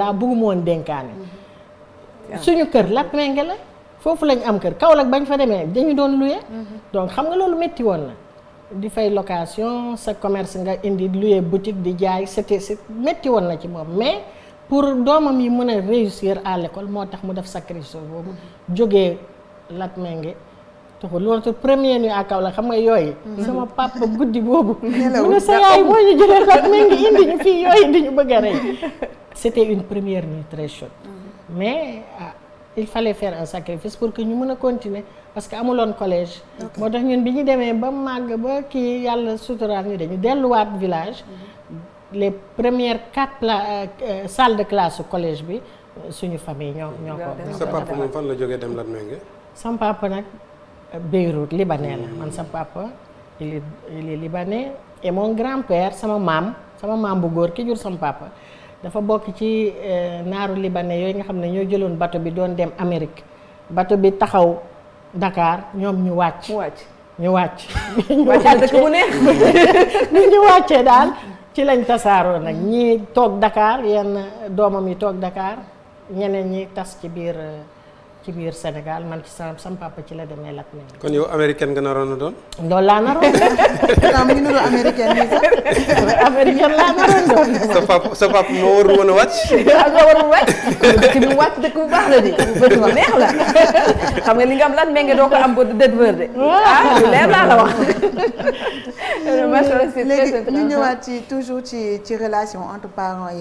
laa bëgguma woon dénkaane mm-hmm. suñu kër Latmingué la foofu lañ am kër Kaolack bañ fa demee dañu doon luye mm-hmm. donc xam nga loolu métti woon na di fay location sa commerce nga indi luye boutique di jaay c'était si métti woon na ci moom mais pour doomam yi mën a réussir à l'école moo tax mu def sacrifice boobu mm-hmm. jógee Latmingué tuxu loolu te premier nuit à Kaolack xam nga yooy sama papa guddi boobu mu ne sa yaay moo ñu jëlee Latmingué indi ñu fii yooyu di ñu bëgg rey c'était une première nuit très chaude mhm. mais ah, il fallait faire un sacrifice pour que ñu mën a continuer parce que amuloon collège moo tax ñun bi ñu demee ba màgg ba ki yàlla suturaal ñu dañu delluwaat village mhm. les premières quatre pla euh, euh, salles de classe su collège bi euh, suñu famille ñoo ñoo ko sa papa moom fan la jógee dem lan ménge sama nag Beyrouth libanais la mhm. man sama papa et mon grand-père sama maam sama maam bu góor ki jur dafa bokk ci eh, naaru libanais yooyu nga xam ne ñoo jëloon bato bi doon dem Amérique bato bi taxaw dakaar ñoom ñu wàcc. ñu wàcc. ñu wàcc dëkk ñu wàccee daal ci lañ tasaaroo nag ñii toog dakaar yenn doomam yi toog dakaar ñeneen ñi tas ci biir. Eh, ci biir Sénégal man ci sama sama ci la demee lakk nañu. kon yow américaine nga naroon a doon. loolu laa naroon doon. xanaa mu sa papa sa papa moo warul woon a wàcc. waaw nga warul wàcc. dëkk bi mu wàcc dëkk bu la di bët ma la. xam nga li nga am lan méngé doo ko am ba de. ah lu la wax. macha allah c'est très léegi ñu ñëwaat ci toujours ci ci relation entre